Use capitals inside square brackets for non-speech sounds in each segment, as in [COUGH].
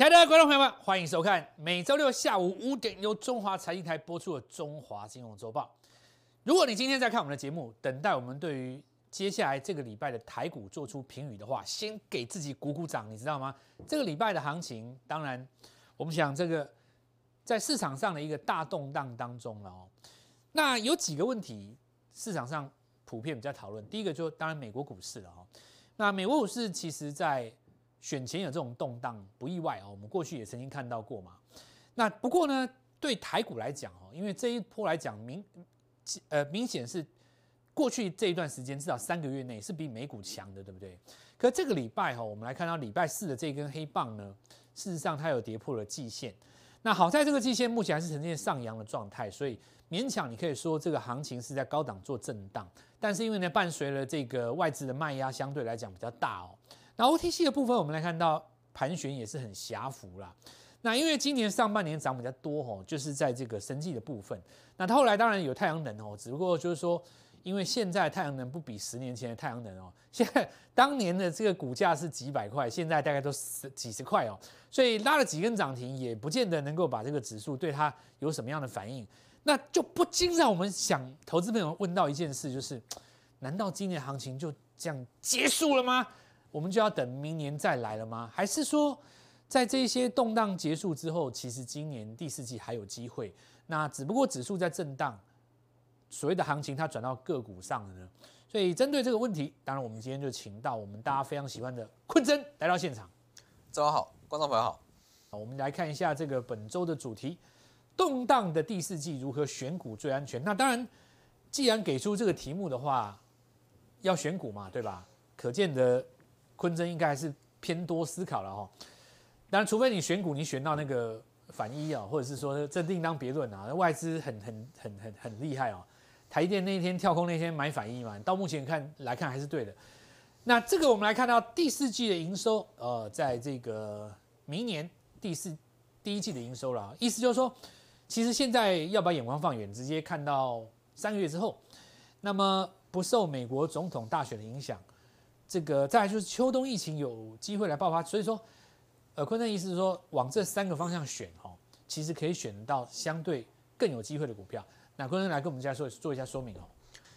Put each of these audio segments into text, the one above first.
親愛的觀眾朋友們，歡迎收看每周六下午五點由中華財經台播出的《中華金融週報》。如果你今天在看我們的節目，等待我們對於接下來這個禮拜的台股做出評語的話，先給自己鼓鼓掌，你知道嗎？這個禮拜的行情，當然，我們想這個在市場上的一個大動盪當中了哦，那有幾個問題市場上普遍比較討論。第一個就當然美國股市了哈、哦，那美國股市其實，在選前有這種動盪不意外哦，我們過去也曾經看到過嘛。那不過呢，對台股來講哦，因為這一波來講明，呃，明顯是過去這一段時間至少三個月內是比美股強的，對不對？可這個禮拜哦，我們來看到禮拜四的這根黑棒呢，事實上它有跌破了季線。那好在這個季線目前還是呈現上揚的狀態，所以勉強你可以說這個行情是在高檔做震盪。但是因為呢，伴隨了這個外資的賣壓相對來講比較大哦。那 OTC 的部分，我們來看到盤旋也是很狹幅啦。那因為今年上半年漲比較多，哦、就是在這個生技的部分。那它後來當然有太陽能哦，只不過就是說，因為現在太陽能不比十年前的太陽能哦，現在當年的這個股價是幾百塊，現在大概都十幾十塊哦，所以拉了幾根漲停，也不見得能夠把這個指數對它有什麼樣的反應。那就不禁讓我們想，投資朋友問到一件事，就是，難道今年行情就這樣結束了嗎？我們就要等明年再來了嗎？還是說，在這些動盪結束之後，其實今年第四季還有機會？那只不過指數在震盪，所謂的行情它轉到個股上了呢。所以針對這個問題，當然我們今天就請到我們大家非常喜歡的坤真來到現場。張總好，觀眾朋友好。我們來看一下這個本周的主題：動盪的第四季如何選股最安全？那當然，既然給出這個題目的話，要選股嘛，對吧？可見得。坤真應該還是偏多思考了哈、哦，當然，除非你選股，你選到那個反一啊，或者是說這另當別論啊。外資很很很很很厲害哦，台電那天跳空那天買反一嘛，到目前看來看還是對的。那這個我們來看到第四季的營收，呃，在這個明年第四第一季的營收了，意思就是說，其實現在要把眼光放遠，直接看到三個月之後，那麼不受美國總統大選的影響。這個再來就是秋冬疫情有機會來爆發，所以說，呃，坤生的意思是說，往這三個方向選哈，其實可以選到相對更有機會的股票。那坤生來跟我們家說做一下說明哦。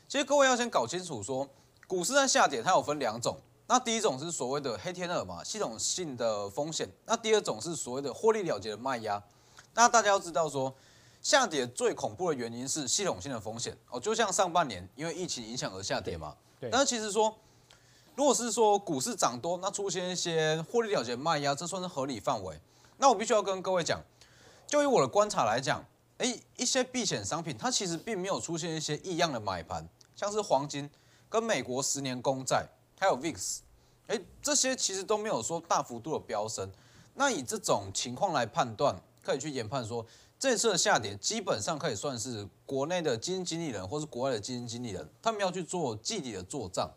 其實各位要先搞清楚說，股市在下跌，它有分兩種。那第一種是所謂的黑天鵝嘛，系統性的風險；那第二種是所謂的獲利了結的賣壓。那大家要知道說，下跌最恐怖的原因是系統性的風險哦。就像上半年因為疫情影響而下跌嘛，對。對，但是其實說，如果是說股市漲多，那出現一些獲利了結賣壓，這算是合理範圍。那我必須要跟各位講，就以我的觀察來講，哎，一些避險商品它其實並沒有出現一些異樣的買盤，像是黃金、跟美國十年公債還有 VIX，哎，這些其實都沒有說大幅度的飆升。那以這種情況來判斷，可以去研判說，這次的下跌基本上可以算是國內的基金經理人或是國外的基金經理人，他們要去做季底的做賬。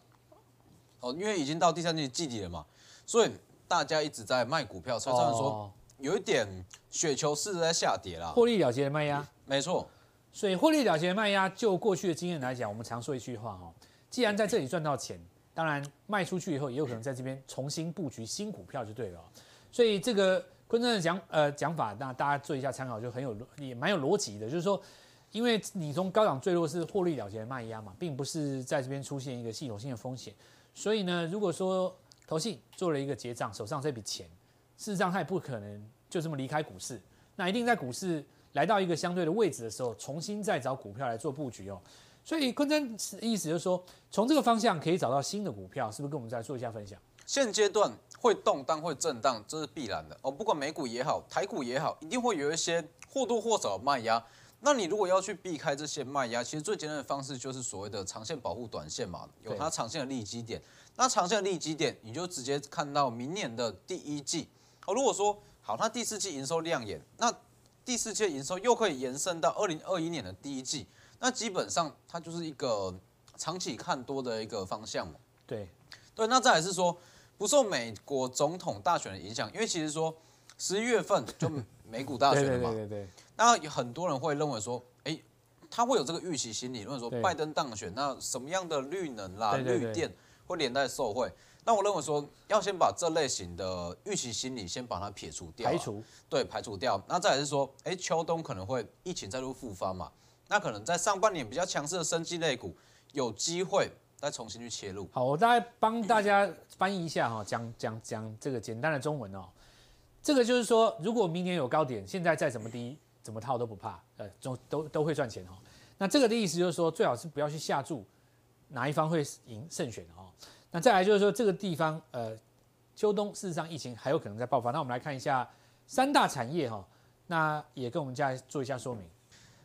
哦、因為已經到第三季季底了嘛，所以大家一直在賣股票，所以他們說有一點雪球似的在下跌啦，獲利了結的賣壓，嗯，沒錯。所以獲利了結的賣壓，就過去的經驗來講，我們常說一句話哈、哦，既然在這裡賺到錢，咳咳當然賣出去以後，也有可能在這邊重新布局新股票就對了、哦。所以這個坤正的講呃講法，那大家做一下參考就很有也蠻有邏輯的，就是說，因為你從高檔墜落是獲利了結的賣壓嘛，並不是在這邊出現一個系統性的風險。所以呢，如果說投信做了一個結賬，手上這筆錢，事實上他也不可能就這麼離開股市，那一定在股市來到一個相對的位置的時候，重新再找股票來做布局哦。所以坤真是意思就是說，從這個方向可以找到新的股票，是不是？跟我們再做一下分享。現階段會動盪會震盪，這是必然的哦。不管美股也好，台股也好，一定會有一些或多或少的賣壓。那你如果要去避開這些賣壓，其實最簡單的方式就是所謂的長線保護短線嘛，有它長線的利基點。那長線的利基點，你就直接看到明年的第一季。哦，如果說好，它第四季營收亮眼，那第四季營收又可以延伸到二零二一年的第一季，那基本上它就是一個長期看多的一個方向嘛。對對，那再來是說不受美國總統大選的影響，因為其實說十一月份就。 [LAUGHS] 美股大選嘛，那有很多人會認為說，哎，他會有這個預期心理論說，拜登當選，那什麼樣的綠能啦、對對對對綠電會連帶受惠？那我認為說，要先把這類型的預期心理先把它撇除掉，啊，排除對，排除掉。那再來是說，哎，秋冬可能會疫情再度復發嘛，那可能在上半年比較強勢的生技類股，有機會再重新去切入。好，我再幫大家翻譯一下哈、嗯，講講講這個簡單的中文哦。這個就是說，如果明年有高點，現在再怎麼低，怎麼套都不怕，呃，都都，都會賺錢哈。那這個的意思就是說，最好是不要去下注，哪一方會贏勝選哦？那再來就是說，這個地方呃，秋冬事實上疫情還有可能再爆發。那我們來看一下三大產業哈，那也跟我們家做一下說明。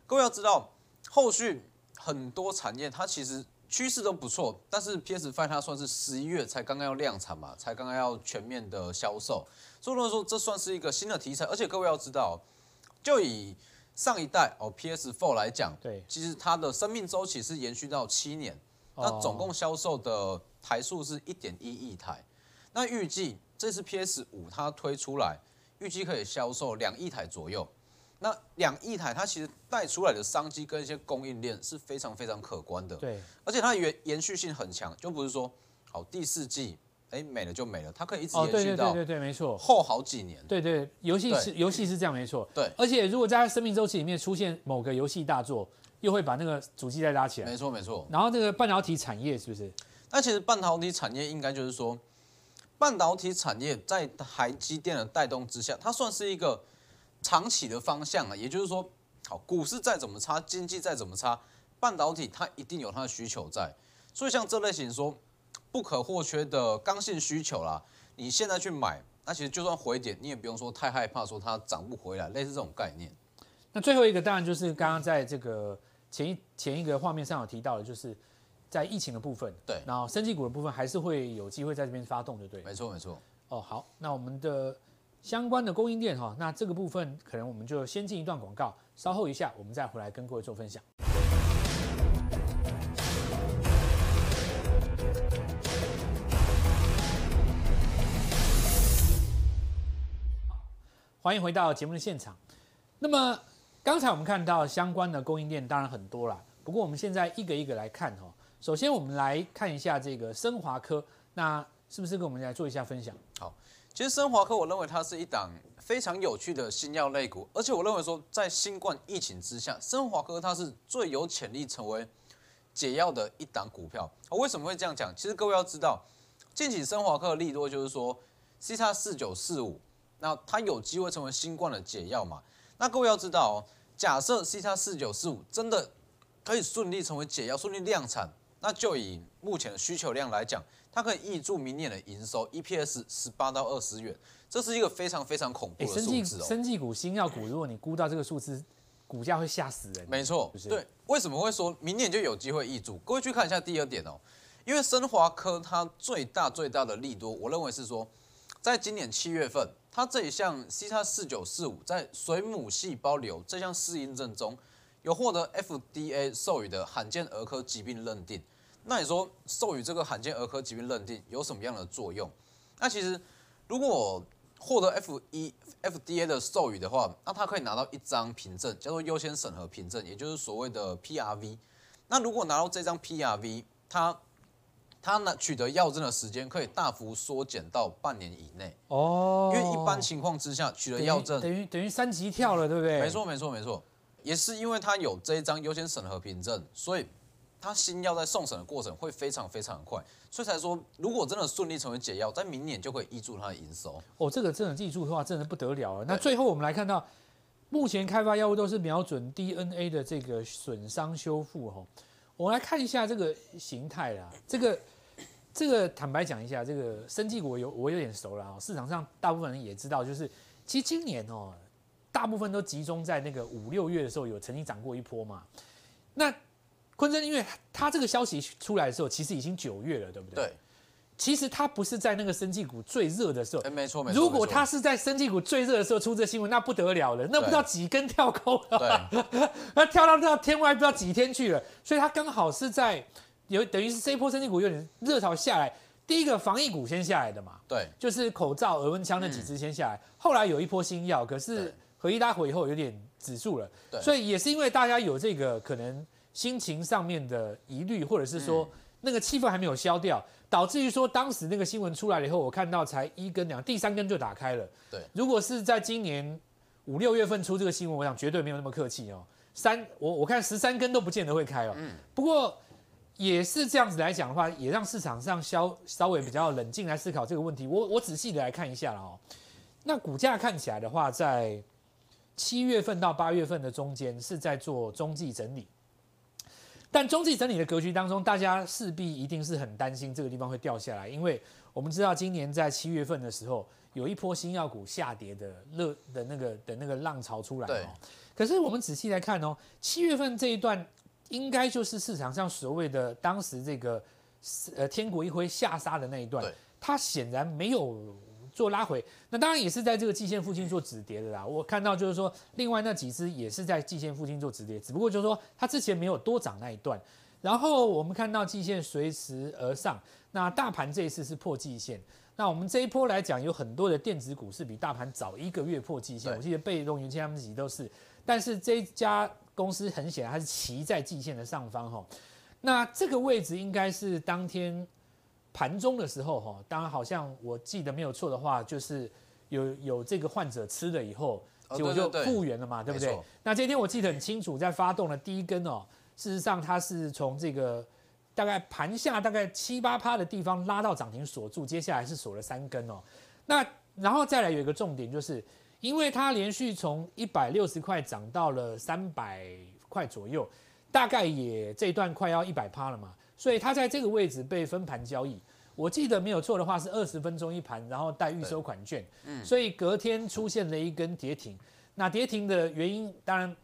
各位要知道，後續很多產業它其實，趨勢都不錯，但是 PS5 它算是十一月才剛剛要量產嘛，才剛剛要全面的銷售，所以如果說這算是一個新的題材，而且各位要知道，就以上一代哦 PS4 來講，對其實它的生命週期是延續到七年，那、哦、總共銷售的台數是一點一億台，那預計這次 PS5 它推出來，預計可以銷售兩億台左右。那兩億台，它其實帶出來的商機跟一些供應鏈是非常非常可觀的。對，而且它延延續性很強，就不是說好第四季，哎，沒了就沒了，它可以一直延續到後好幾年。對對，遊戲是對遊戲是這樣，沒錯。對，而且如果在生命周期裡面出現某個遊戲大作，又會把那個主機再拉起來。沒錯沒錯。沒錯然後這個半導體產業是不是？那其實半導體產業應該就是說，半導體產業在台積電的帶動之下，它算是一個。長期的方向啊，也就是說，好，股市再怎麼差，經濟再怎麼差，半導體它一定有它的需求在，所以像這類型說不可或缺的剛性需求啦、啊，你現在去買，那其實就算回點，你也不用說太害怕說它漲不回來，類似這種概念。那最後一個當然就是剛剛在這個前一前一個畫面上有提到的，就是在疫情的部分，對，然後生技股的部分還是會有機會在這邊發動就，的對？沒錯沒錯。哦好，那我們的。相關的供應鏈，哈，那這個部分可能我們就先進一段廣告，稍後一下我們再回來跟各位做分享。歡迎回到節目的現場。那麼剛才我們看到相關的供應鏈當然很多了，不過我們現在一個一個來看，哦，首先我們來看一下這個升華科，那是不是跟我們來做一下分享？其實生華科，我認為它是一檔非常有趣的新藥類股，而且我認為說，在新冠疫情之下，生華科它是最有潛力成為解藥的一檔股票。哦，為什麼會這樣講？其實各位要知道，近期生華科的利多就是說，C 叉四九四五，那它有機會成為新冠的解藥嘛？那各位要知道哦，假設 C 叉四九四五真的可以順利成為解藥，順利量產，那就以目前的需求量來講。它可以挹注明年的營收 E P S 十八到二十元，這是一個非常非常恐怖的數字哦。生技股、生技股、新藥股，如果你估到這個數字，股價會嚇死人。沒錯，對，為什麼會說明年就有機會挹注？各位去看一下第二點哦，因為生華科它最大最大的利多，我認為是說，在今年七月份，它這一項 C 叉四九四五在水母細胞瘤這項適應症中，有獲得 F D A 授予的罕見兒科疾病認定。那你說，授予這個罕見兒科疾病認定有什麼樣的作用？那其實如果獲得 F 一 FDA 的授予的話，那他可以拿到一張憑證，叫做優先審核憑證，也就是所謂的 PRV。那如果拿到這張 PRV，他他呢取得藥證的時間可以大幅縮減到半年以內哦。Oh, 因為一般情況之下取得藥證等於等於三級跳了，對不對？沒錯、嗯，沒錯，沒錯，也是因為他有這一張優先審核憑證，所以。他新藥在送審的過程會非常非常快，所以才說如果真的順利成為解藥，在明年就可以挹注它的營收。哦，這個真的挹注的話，真的不得了了。對 那最後我們來看到，目前開發藥物都是瞄準 DNA 的這個損傷修復。哦，我們來看一下這個型態啦。這個這個坦白講一下，這個生技股我有我有點熟了哦。市場上大部分人也知道，就是其實今年哦，大部分都集中在那個五六月的時候有曾經漲過一波嘛。那昆真，因為他這個消息出來的時候，其實已經九月了，對不對？對。其實他不是在那個生技股最熱的時候，沒錯沒錯。沒錯，如果他是在生技股最熱的時候出這新聞，那不得了了，對那不知道幾根跳空了，那對 [LAUGHS] 跳到到天外不知道幾天去了。所以他剛好是在有等於是這一波生技股有點熱潮下來，第一個防疫股先下來的嘛，對，就是口罩、額溫槍那幾支先下來，嗯、後來有一波新藥，可是合一拉回以後有點止住了，對所以也是因為大家有這個可能。心情上面的疑慮，或者是說那個氣氛還沒有消掉，嗯、導致於說當時那個新聞出來了以後，我看到才一根兩，第三根就打開了。對如果是在今年五六月份出這個新聞，我想絕對沒有那麼客氣哦、喔。三，我我看十三根都不見得會開哦、喔。嗯、不過也是這樣子來講的話，也讓市場上稍微比較冷靜來思考這個問題。我我仔細的來看一下了哦、喔。那股價看起來的話，在七月份到八月份的中間是在做中繼整理。但中繼整理的格局當中，大家勢必一定是很擔心這個地方會掉下來，因為我們知道今年在七月份的時候，有一波新藥股下跌的熱的那個的那個浪潮出來。對可是我們仔細來看哦，七月份這一段，應該就是市場上所謂的當時這個呃，天國一揮下殺的那一段，對它顯然沒有。做拉回，那當然也是在這個季線附近做止跌的啦。我看到就是說，另外那幾隻也是在季線附近做止跌，只不過就是說它之前沒有多漲那一段。然後我們看到季線隨時而上，那大盤這一次是破季線。那我們這一波來講，有很多的電子股是比大盤早一個月破季線，對我記得被動元件他們自己都是。但是這家公司很顯然它是騎在季線的上方哈，那這個位置應該是當天。盤中的時候，哈，當然好像我記得沒有錯的話，就是有有這個患者，吃了以後，結果、哦、就復原了嘛，對不對？沒錯。那這天我記得很清楚，在發動的第一根哦，事實上它是從這個大概盤下大概七八趴的地方拉到漲停鎖住，接下來是鎖了三根哦。那然後再來有一個重點就是，因為它連續從一百六十塊漲到了三百塊左右，大概也這一段快要一百趴了嘛。所以它在這個位置被分盤交易，我記得沒有錯的話是二十分鐘一盤，然後帶預收款券，所以隔天出現了一根跌停，那跌停的原因當然，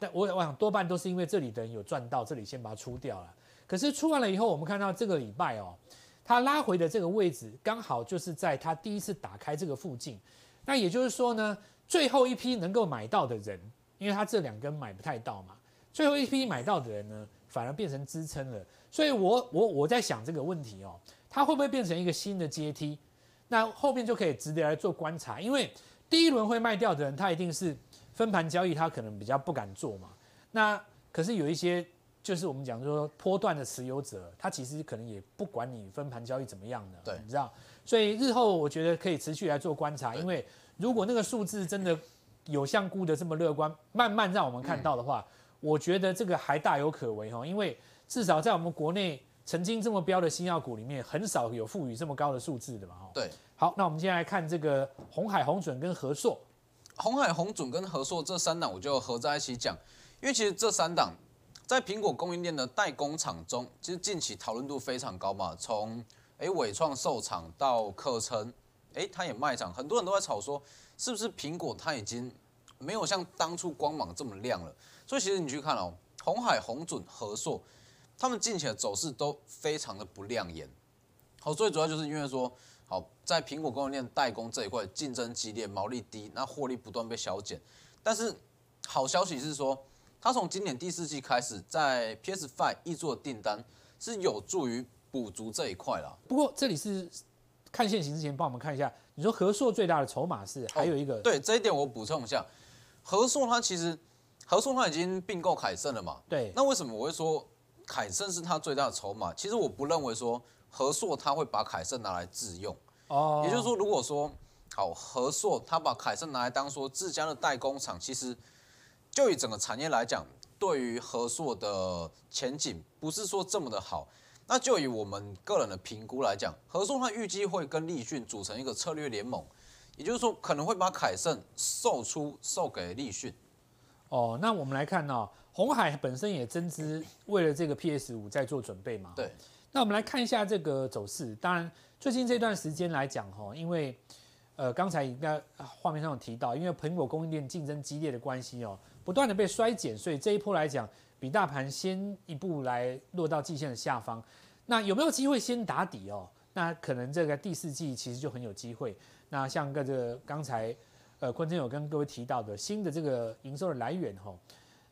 但我想多半都是因為這裡的人有賺到，這裡先把它出掉了。可是出完了以後，我們看到這個禮拜哦，他拉回的這個位置剛好就是在他第一次打開這個附近，那也就是說呢，最後一批能夠買到的人，因為他這兩根買不太到嘛，最後一批買到的人呢？反而變成支撐了，所以我我我在想這個問題哦，它會不會變成一個新的階梯？那後面就可以值得來做觀察，因為第一輪會賣掉的人，他一定是分盤交易，他可能比較不敢做嘛。那可是有一些就是我們講說波段的持有者，他其實可能也不管你分盤交易怎麼樣的，對，你知道？所以日後我覺得可以持續來做觀察，對 因為如果那個數字真的有像估的這麼樂觀，慢慢讓我們看到的話。嗯我覺得這個還大有可為哈，因為至少在我們國內曾經這麼標的新藥股裡面，很少有賦予這麼高的數字的嘛。對。好，那我們先來看這個鴻海鴻準跟和碩，鴻海鴻準跟和碩這三檔我就合在一起講，因為其實這三檔在蘋果供應鏈的代工廠中，其實近期討論度非常高嘛。從哎緯創售廠到可成，哎它也賣廠，很多人都在吵說是不是蘋果它已經沒有像當初光芒這麼亮了。所以其實你去看哦，鴻海、鴻準、和碩，他們近期的走勢都非常的不亮眼。好、哦，最主要就是因為說，好，在蘋果供應鏈代工這一塊競爭激烈，毛利低，那獲利不斷被削減。但是好消息是說，它從今年第四季開始，在 PS Five 預做訂單，是有助於補足這一塊了。不過這裡是看現行之前，幫我們看一下，你說和碩最大的籌碼是還有一個？哦、對這一點我補充一下，和碩它其實。和碩他已經併購鎧勝了嘛？對，那為什麼我會說鎧勝是他最大的籌碼？其實我不認為說和碩他會把鎧勝拿來自用。哦，oh. 也就是說，如果說好和碩他把鎧勝拿來當說自家的代工廠，其實就以整個產業來講，對於和碩的前景不是說這麼的好。那就以我們個人的評估來講，和碩他預計會跟立訊組成一個策略聯盟，也就是說可能會把鎧勝售出售給立訊。哦，那我們來看呢、哦，鴻海本身也增資，為了這個 PS5 在做準備嘛。對，那我們來看一下這個走勢。當然，最近這段時間來講，哈，因為呃剛才應該畫面上有提到，因為蘋果供應鏈競爭激烈的關係哦，不斷的被衰減，所以這一波來講，比大盤先一步來落到季線的下方。那有沒有機會先打底哦？那可能這個第四季其實就很有機會。那像個這個剛才。呃，坤生有跟各位提到的新的這個營收的來源哈，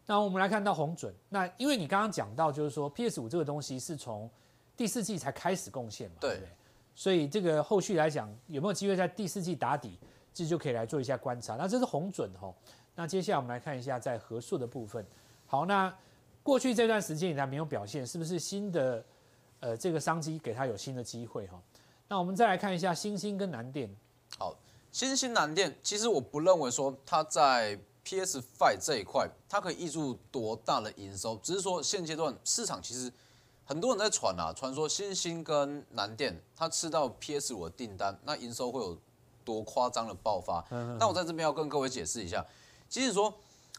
那我們來看到鴻準，那因為你剛剛講到就是說 PS5 這個東西是從第四季才開始貢獻嘛，對，對，所以這個後續來講有沒有機會在第四季打底，這就，就可以來做一下觀察。那這是鴻準哈，那接下來我們來看一下在核數的部分。好，那過去這段時間以來沒有表現，是不是新的呃這個商機給他有新的機會哈？那我們再來看一下欣興跟南電。好。欣興南電，其實我不認為說它在 PS Five 這一塊，它可以挹注多大的營收，只是說現階段市場其實很多人在傳啊，傳說欣興跟南電它吃到 PS 五的訂單，那營收會有多誇張的爆發。嗯嗯，那我在這邊要跟各位解釋一下，即使說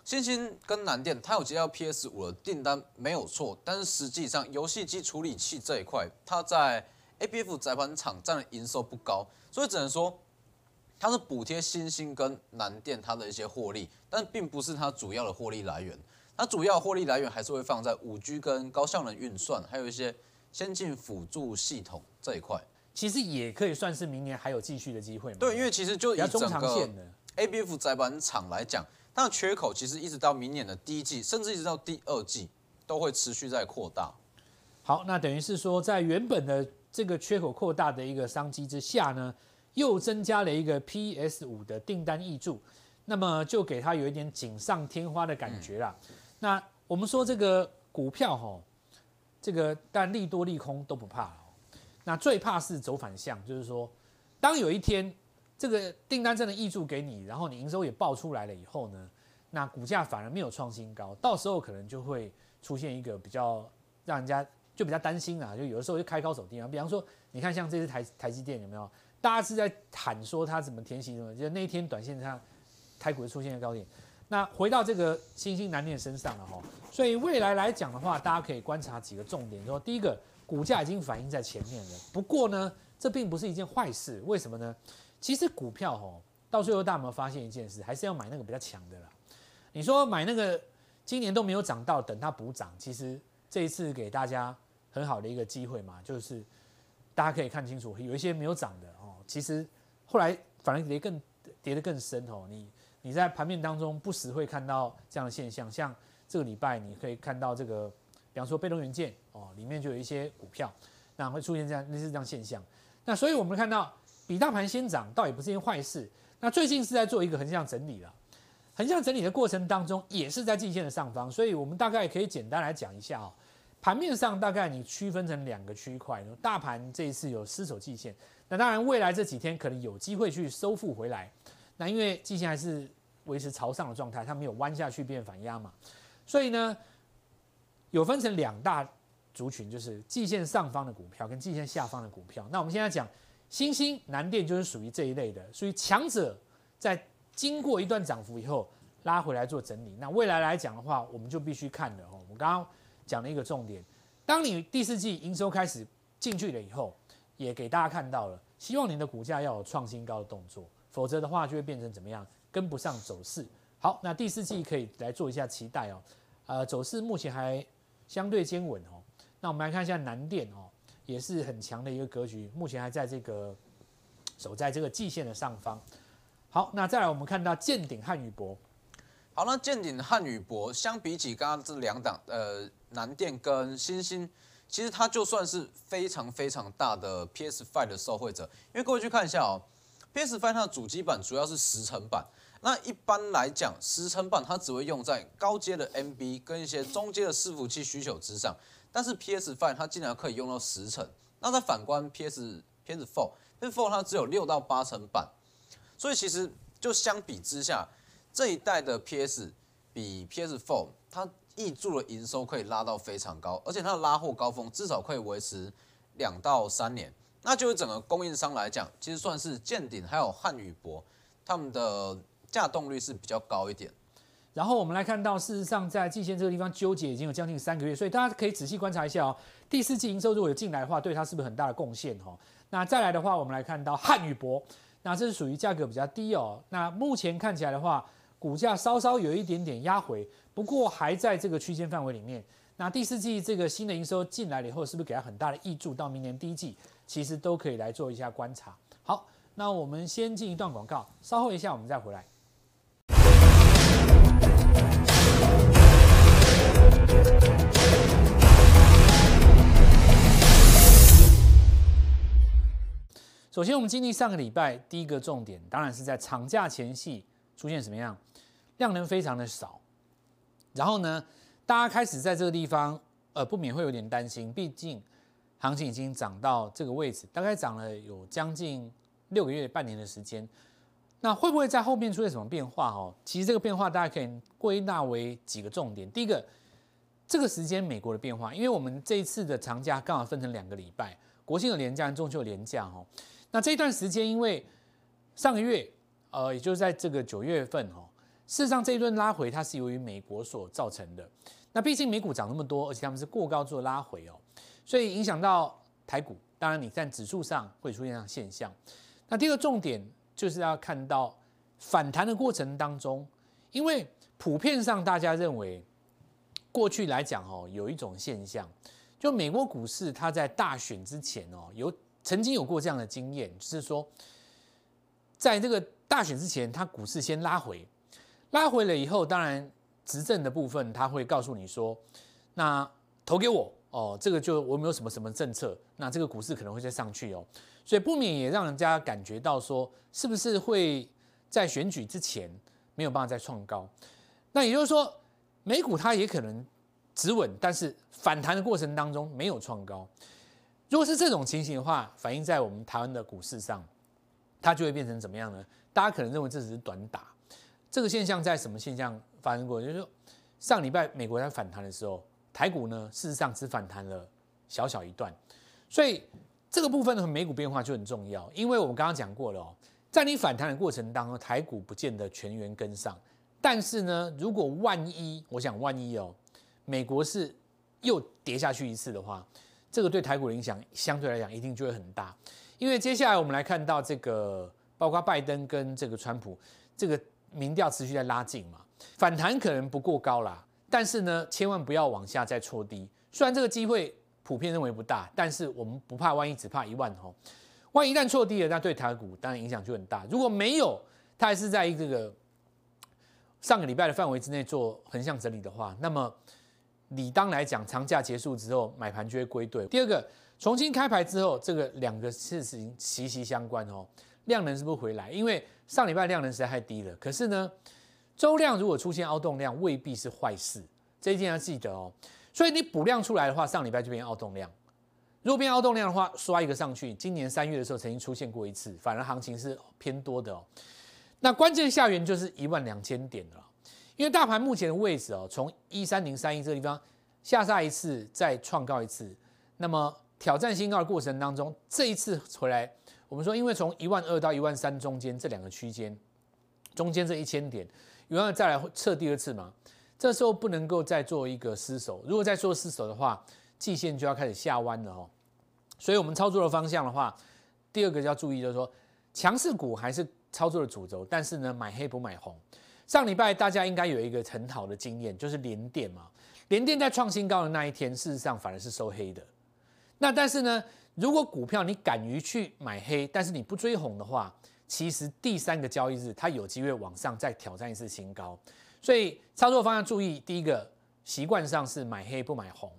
欣興跟南電它有接到 PS 五的訂單沒有錯，但是實際上遊戲機處理器這一塊，它在 ABF 載板廠占的營收不高，所以只能說。它是補貼新興跟南電它的一些獲利，但並不是它主要的獲利來源。它主要獲利來源還是會放在五 G 跟高效能運算，還有一些先進輔助系統這一塊。其實也可以算是明年還有繼續的機會嘛。對，因為其實就以整個 ABF 載板廠來講，它的缺口其實一直到明年的第一季，甚至一直到第二季，都會持續在擴大。好，那等於是說，在原本的這個缺口擴大的一個商機之下呢？又增加了一個 PS5 的訂單挹注，那麼就給他有一點錦上添花的感覺了。那我們說這個股票哈，這個但利多利空都不怕了，那最怕是走反向，就是說當有一天這個訂單真的挹注給你，然後你營收也爆出來了以後呢，那股價反而沒有創新高，到時候可能就會出現一個比較讓人家就比較擔心啊，就有的時候就開高走低啊。比方說，你看像這次台台積電有沒有？大家是在喊說他怎麼填息什麼的，就那一天短線上台股出現了高點。那回到這個星星難念身上了哈，所以未來來講的話，大家可以觀察幾個重點。說第一個，股價已經反映在前面了。不過呢，這並不是一件壞事。為什麼呢？其實股票吼，到最後大家有沒有發現一件事？還是要買那個比較強的啦。你說買那個今年都沒有漲到，等它補漲，其實這一次給大家很好的一個機會嘛，就是大家可以看清楚，有一些沒有漲的。其實後來反而跌，更跌得更深哦。你你在盤面當中不時會看到這樣的現象，像這個禮拜你可以看到這個，比方說被動元件哦，裡面就有一些股票，那會出現這樣類似這樣現象。那所以我們看到比大盤先漲，倒也不是一件壞事。那最近是在做一個橫向整理了，橫向整理的過程當中也是在季線的上方，所以我們大概可以簡單來講一下哦。盤面上大概你區分成兩個區塊，大盤這一次有失守季線。那當然，未來這幾天可能有機會去收復回來。那因為季線還是維持朝上的狀態，它沒有彎下去變反壓嘛。所以呢，有分成兩大族群，就是季線上方的股票跟季線下方的股票。那我們現在講新興南電就是屬於這一類的。所以強者在經過一段漲幅以後拉回來做整理。那未來來講的話，我們就必須看的哦。我們剛剛講了一個重點，當你第四季營收開始進去了以後，也給大家看到了，希望您的股價要有創新高的動作，否則的話就會變成怎麼樣？跟不上走勢。好，那第四季可以來做一下期待哦。呃，走勢目前還相對堅穩哦。那我們來看一下南電哦，也是很強的一個格局，目前還在這個守在這個季線的上方。好，那再來我們看到健鼎瀚宇博。好，那健鼎瀚宇博相比起剛剛這兩檔，呃，南電跟欣興。其實它就算是非常非常大的 PS5 的受惠者，因為各位去看一下哦，PS5 它的主機板主要是十層板，那一般來講十層板它只會用在高階的 MB 跟一些中階的伺服器需求之上，但是 PS5 它竟然可以用到十層，那它反觀 PS PS4 PS4 它只有六到八層板，所以其實就相比之下，這一代的 PS 比 PS4 它。易住的營收可以拉到非常高，而且它的拉貨高峰至少可以維持兩到三年。那就是整個供應商來講，其實算是見頂。還有漢語博，他們的價動率是比較高一點。然後我們來看到，事實上在季線這個地方糾結已經有將近三個月，所以大家可以仔細觀察一下哦。第四季營收如果有進來的話，對它是不是很大的貢獻哦？那再來的話，我們來看到漢語博，那這是屬於價格比較低哦。那目前看起來的話。股價稍稍有一點點壓回，不過還在這個區間範圍裡面。那第四季這個新的營收進來了以後，是不是給它很大的挹注？到明年第一季，其實都可以來做一下觀察。好，那我們先進一段廣告，稍後一下我們再回來。首先，我們經歷上個禮拜第一個重點，當然是在長假前夕。出現什麼樣？量能非常的少，然後呢，大家開始在這個地方，呃，不免會有點擔心，畢竟行情已經漲到這個位置，大概漲了有將近六個月，半年的時間，那會不會在後面出現什麼變化？哦，其實這個變化大家可以歸納為幾個重點。第一個，這個時間美國的變化，因為我們這一次的長假剛好分成兩個禮拜，國慶有連假，中秋有連假哦。那這一段時間因為上個月。呃，也就是在這個九月份，哦。事實上這一輪拉回它是由於美國所造成的。那畢竟美股漲那麼多，而且他們是過高做拉回哦，所以影響到台股，當然你在指數上會出現這樣現象。那第二個重點就是要看到反彈的過程當中，因為普遍上大家認為過去來講，哦，有一種現象，就美國股市它在大選之前，哦，有曾經有過這樣的經驗，就是說在這個。大選之前，他股市先拉回，拉回了以後，當然執政的部分他會告訴你說，那投給我哦，這個就我沒有什麼什麼政策，那這個股市可能會再上去哦，所以不免也讓人家感覺到說，是不是會在選舉之前沒有辦法再創高？那也就是說，美股它也可能止穩，但是反彈的過程當中沒有創高。如果是這種情形的話，反映在我們台灣的股市上，它就會變成怎麼樣呢？大家可能認為這只是短打，這個現象在什麼現象發生過？就是說，上禮拜美國在反彈的時候，台股呢事實上只反彈了小小一段，所以這個部分的美股變化就很重要。因為我們剛剛講過了，在你反彈的過程當中，台股不見得全員跟上，但是呢，如果萬一我想萬一哦、喔，美國是又跌下去一次的話，這個對台股的影響相對來講一定就會很大。因為接下來我們來看到這個。包括拜登跟這個川普，這個民調持續在拉近嘛，反彈可能不過高啦，但是呢，千萬不要往下再挫低。雖然這個機會普遍認為不大，但是我們不怕萬一，只怕一萬哦。萬一一旦挫低了，那對台股當然影響就很大。如果沒有，它還是在一個上個禮拜的範圍之內做橫向整理的話，那麼理當來講，長假結束之後買盤就會歸隊。第二個重新開牌之後，這個兩個事情息息相關哦。量能是不是回來？因為上禮拜量能實在太低了。可是呢，周量如果出現凹洞量，未必是壞事，這一定要記得哦。所以你補量出來的話，上禮拜就變凹洞量。如果變凹洞量的話，刷一個上去，今年三月的時候曾經出現過一次，反而行情是偏多的哦。那關鍵下緣就是一萬兩千點了，因為大盤目前的位置哦，從一三零三一這個地方下殺一次，再創高一次，那麼挑戰新高的過程當中，這一次回來。我們說，因為從一萬二到一萬三中間這兩個區間，中間這一千點，有辦法再來測第二次嘛？這時候不能夠再做一個失守，如果再做失守的話，季線就要開始下彎了哦。所以我們操作的方向的話，第二個要注意，就是說強勢股還是操作的主軸，但是呢，買黑不買紅。上禮拜大家應該有一個很好的經驗，就是連電嘛，連電在創新高的那一天，事實上反而是收黑的。那但是呢？如果股票你敢於去買黑，但是你不追紅的話，其實第三個交易日它有機會往上再挑戰一次新高，所以操作方要注意，第一個習慣上是買黑不買紅，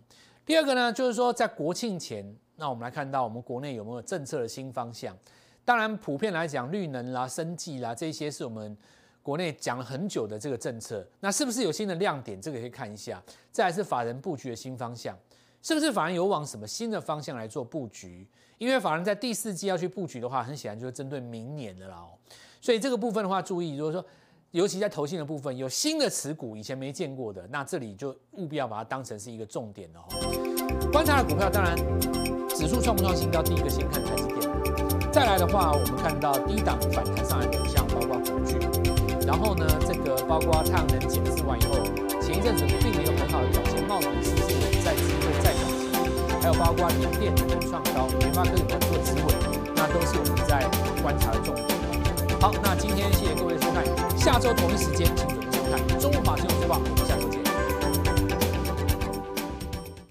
第二個呢，就是說在國慶前，那我們來看到我們國內有沒有政策的新方向。當然普遍來講，綠能啦、生技啦這些是我們國內講了很久的這個政策，那是不是有新的亮點？這個可以看一下。再來是法人布局的新方向。是不是法人有往什麼新的方向來做布局？因為法人在第四季要去布局的話，很顯然就是針對明年的了。所以這個部分的話，注意如果說尤其在投信的部分，有新的持股，以前沒見過的，那這裡就務必要把它當成是一個重點的哈。觀察的股票，當然指數創不創新，到第一個先看台積電。再來的話，我們看到低檔反彈上來，像包括布局。然後呢，這個包括太陽能減資完以後，前一陣子並沒有很好的表現，茂迪試試。還有包括雲電腦、雲創高、研發科技做指紋，那都是我們在觀察的重點。好，那今天謝謝各位收看，下週同一時間，請準時收看《中華財經台》。